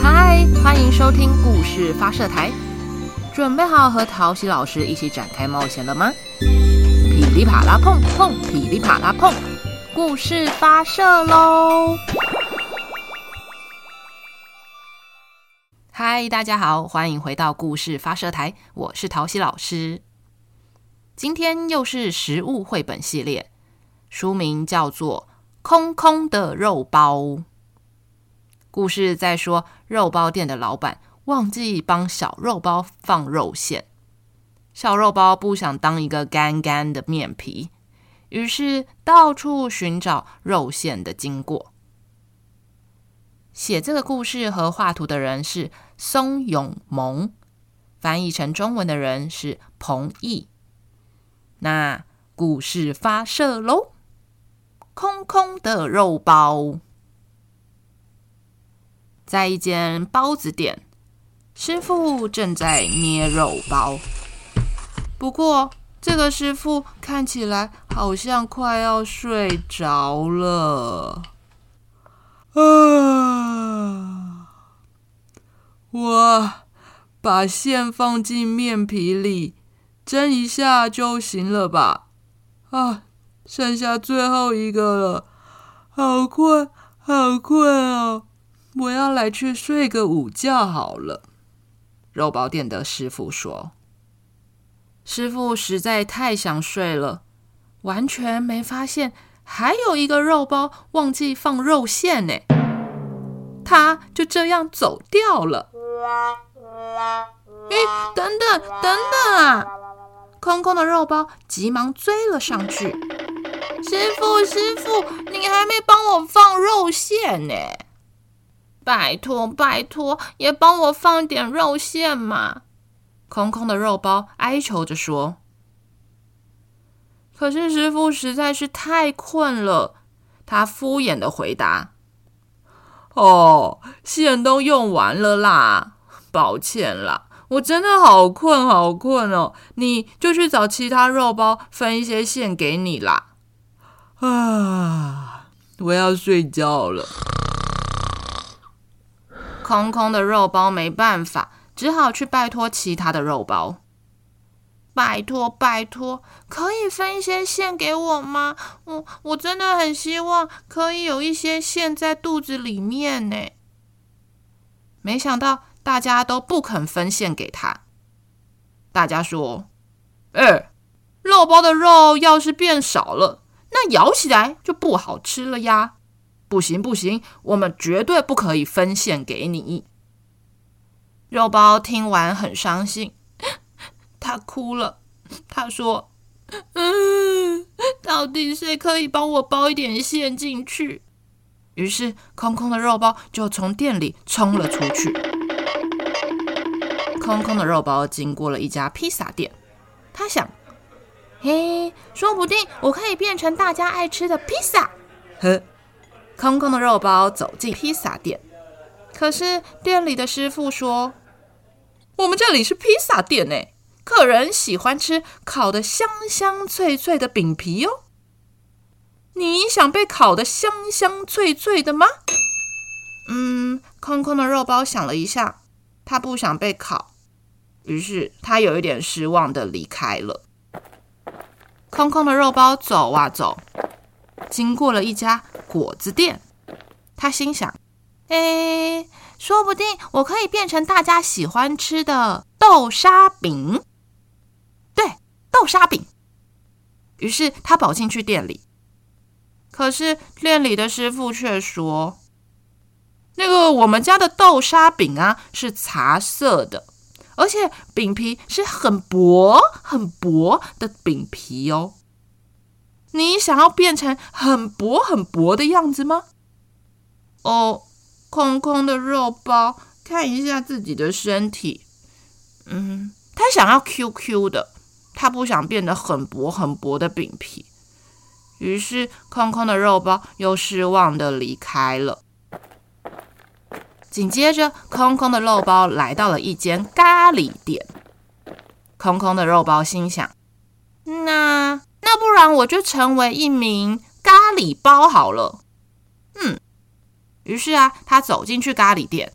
嗨，歡迎收聽故事發射台，準備好和陶洗老師一起展開冒險了嗎？噼里啪啦碰碰，噼里啪啦碰，故事發射嘍！嗨，大家好，歡迎回到故事發射台，我是陶洗老師。今天又是食物繪本系列，書名叫做《空空的肉包》。故事在說，肉包店的老闆忘記幫小肉包放肉餡，小肉包不想當一個乾乾的麵皮，於是到處尋找肉餡的經過。寫這個故事和畫圖的人是松永萌，翻譯成中文的人是彭懿。那故事發射嘍，空空的肉包。在一間包子店，師傅正在捏肉包。不過，這個師傅看起來好像快要睡着了。啊，我把餡放進面皮裡，蒸一下就行了吧？啊，剩下最後一個了。好困，好困哦、啊。我要來去睡個午覺好了。肉包店的師傅說：“師傅實在太想睡了，完全沒發現還有一個肉包忘記放肉餡呢。”他就這樣走掉了。誒，等等等等啊！空空的肉包急忙追了上去：“師傅，師傅，你還沒幫我放肉餡呢！”拜託，拜託，也幫我放點肉餡嘛！空空的肉包哀求着說。可是師傅實在是太困了，他敷衍的回答，哦，餡都用完了啦，抱歉啦，我真的好困，好困哦！你就去找其他肉包分一些餡給你啦。啊，我要睡覺了。空空的肉包沒辦法，只好去拜託其他的肉包。拜託，拜託，可以分一些餡給我嗎？我我真的很希望可以有一些餡在肚子裡面呢。沒想到大家都不肯分餡給他。大家說：“欸，肉包的肉要是變少了，那咬起來就不好吃了呀。”不行不行，我們絕對不可以分餡給你。肉包聽完很傷心，他哭了。他說：“嗯，到底誰可以幫我包一點餡進去？”於是空空的肉包就從店裡衝了出去。 空空的肉包經過了一家披薩店，他想：“嘿，說不定我可以變成大家愛吃的披薩。”呵。空空的肉包走進披薩店，可是店裡的師傅說：“我們這裡是披薩店誒，客人喜歡吃烤的香香脆脆的餅皮喲、哦。你想被烤的香香脆脆的嗎？”嗯，空空的肉包想了一下，他不想被烤，於是他有一點失望的離開了。空空的肉包走啊走，經過了一家。果子店，他心想：“誒、欸，說不定我可以變成大家喜歡吃的豆沙餅，對，豆沙餅。”於是他跑進去店裡，可是店裡的師傅卻說：“那個我們家的豆沙餅啊，是茶色的，而且餅皮是很薄、很薄的餅皮哦。”你想要變成很薄很薄的樣子嗎？哦，空空的肉包，看一下自己的身體。嗯，他想要 QQ 的，他不想變得很薄很薄的餅皮。於是，空空的肉包又失望的離開了。緊接着，空空的肉包來到了一間咖喱店。空空的肉包心想：那。要不然我就成為一名咖喱包好了，嗯。於是啊，他走進去咖喱店，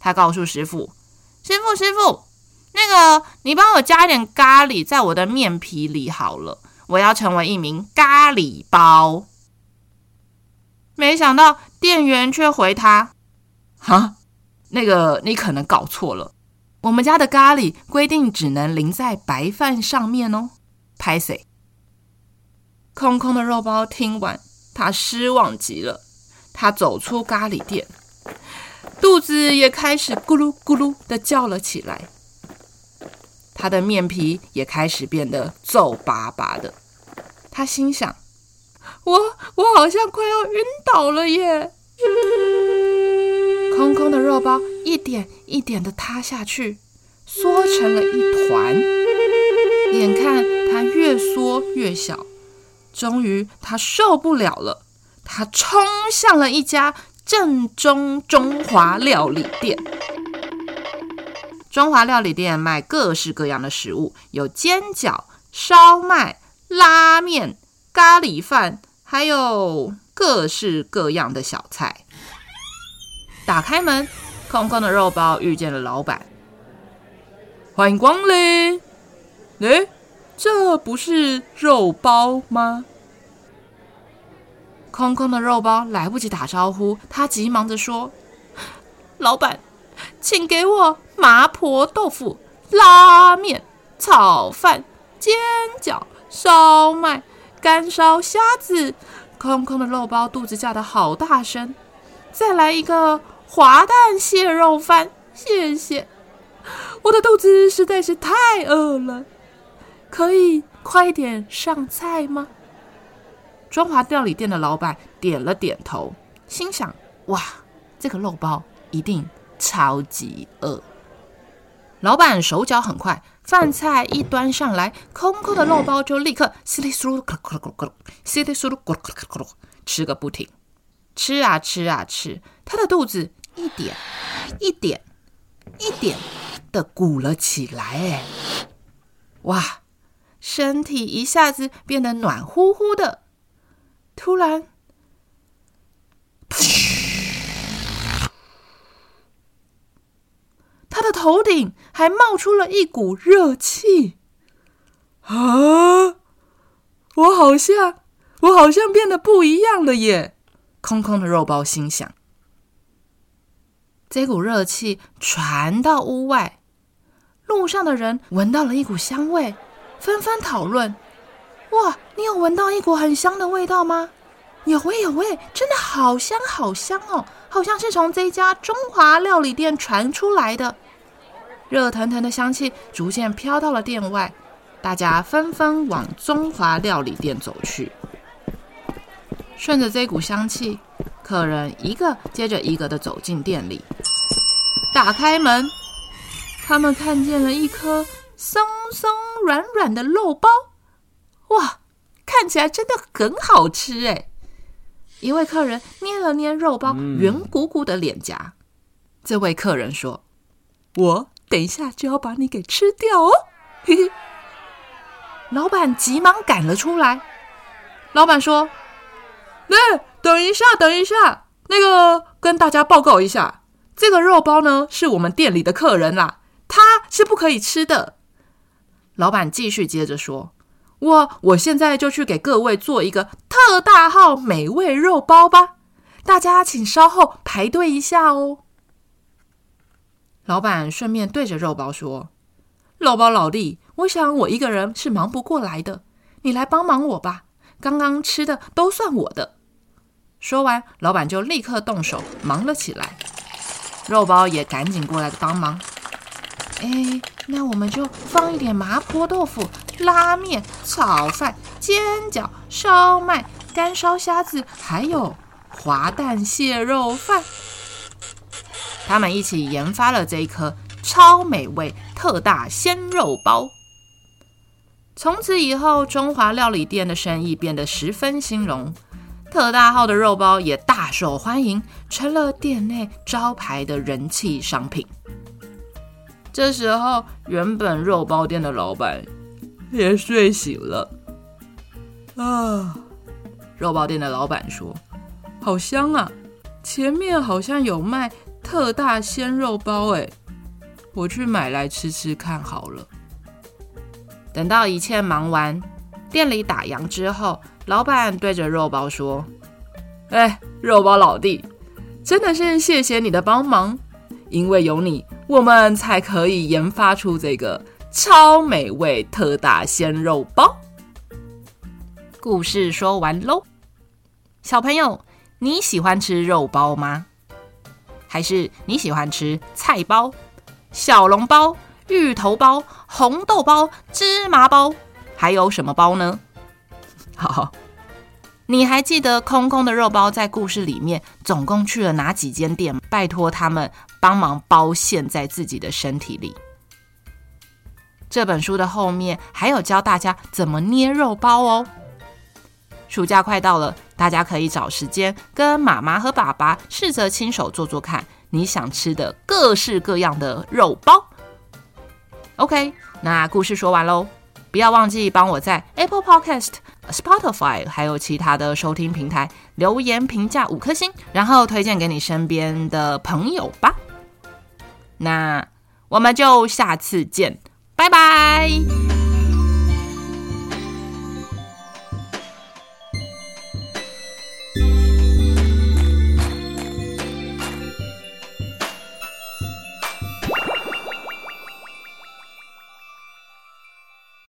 他告訴師傅：“師傅，師傅，那個你幫我加一點咖喱在我的麵皮裡好了，我要成為一名咖喱包。”沒想到店員卻回他：“哈，那個你可能搞錯了，我們家的咖喱規定只能淋在白飯上面哦，拍謝。”空空的肉包聽完，他失望極了。他走出咖喱店，肚子也開始咕嚕咕嚕的叫了起來。他的麵皮也開始變得皺巴巴的。他心想：“我我好像快要暈倒了耶！”空空的肉包一點一點的塌下去，縮成了一團。眼看它越縮越小。終於，他受不了了，他衝向了一家正宗中華料理店。中華料理店賣各式各樣的食物，有煎餃、燒麥、拉麵、咖喱飯，還有各式各樣的小菜。打開門，空空的肉包遇見了老闆。歡迎光臨。誒。這不是肉包嗎？空空的肉包來不及打招呼，他急忙着說：“老闆，請給我麻婆豆腐、拉麵、炒飯、煎餃、燒麥、乾燒蝦子。”空空的肉包肚子叫得好大聲，再來一個滑蛋蟹肉飯，謝謝！我的肚子實在是太餓了。可以快點上菜嗎？中華料理店的老板點了點頭，心想：“哇，這個肉包一定超級餓。”老板手腳很快，飯菜一端上來，空空的肉包就立刻“嘶哩嗦嚕”“咕嚕咕嚕”，“嘶哩嗦嚕”“咕嚕咕嚕”，吃個不停。吃啊吃啊吃，他的肚子一點一點一點的鼓了起來。哎，哇！身體一下子變得暖乎乎的，突然，他的頭頂還冒出了一股熱氣。啊！我好像，我好像變得不一樣了耶！空空的肉包心想。這股熱氣傳到屋外，路上的人聞到了一股香味。紛紛討論，哇，你有聞到一股很香的味道嗎？有味、欸、有味、欸，真的好香好香哦，好像是從這家中華料理店傳出來的。熱騰騰的香氣逐漸飄到了店外，大家紛紛往中華料理店走去。順着這股香氣，客人一個接着一個的走進店裡，打開門，他們看見了一顆。鬆松軟軟的肉包，哇，看起來真的很好吃哎！一位客人捏了捏肉包圓鼓鼓的臉頰、嗯，這位客人說：“我等一下就要把你給吃掉哦！”嘿嘿。老板急忙趕了出來。老板說：“那、欸、等一下，等一下，那個跟大家報告一下，這個肉包呢是我們店裡的客人啦、啊，他是不可以吃的。”老闆繼續接着說：“我我現在就去給各位做一個特大號美味肉包吧，大家請稍後排隊一下哦。”老闆順便對着肉包說：“肉包老弟，我想我一個人是忙不過來的，你來幫忙我吧，剛剛吃的都算我的。”說完，老闆就立刻動手忙了起來，肉包也趕緊過來幫忙。哎、欸，那我們就放一點麻婆豆腐、拉麵、炒飯、煎餃、燒麥、乾燒蝦子，還有滑蛋蟹肉飯。他們一起研發了這一顆超美味特大鮮肉包。從此以後，中華料理店的生意變得十分興隆，特大號的肉包也大受歡迎，成了店內招牌的人氣商品。這時候，原本肉包店的老闆也睡醒了。啊，肉包店的老闆說：“好香啊，前面好像有賣特大鮮肉包，哎，我去買來吃吃看好了。”等到一切忙完，店裡打烊之後，老闆對着肉包說：“哎，肉包老弟，真的是謝謝你的幫忙，因為有你。”我們才可以研發出這個超美味特大鮮肉包。故事說完嘍，小朋友，你喜歡吃肉包嗎？還是你喜歡吃菜包、小籠包、芋頭包、紅豆包、芝麻包？還有什麼包呢？好。你還記得空空的肉包在故事裡面總共去了哪幾間店，拜托他們幫忙包餡在自己的身體裡。這本書的後面還有教大家怎麼捏肉包哦。暑假快到了，大家可以找時間跟媽媽和爸爸試着親手做做看，你想吃的各式各樣的肉包。OK，那故事說完嘍。不要忘記幫我在 Apple Podcast、Spotify 還有其他的收聽平台留言評價五顆星，然後推薦給你身邊的朋友吧。那我們就下次見，拜拜。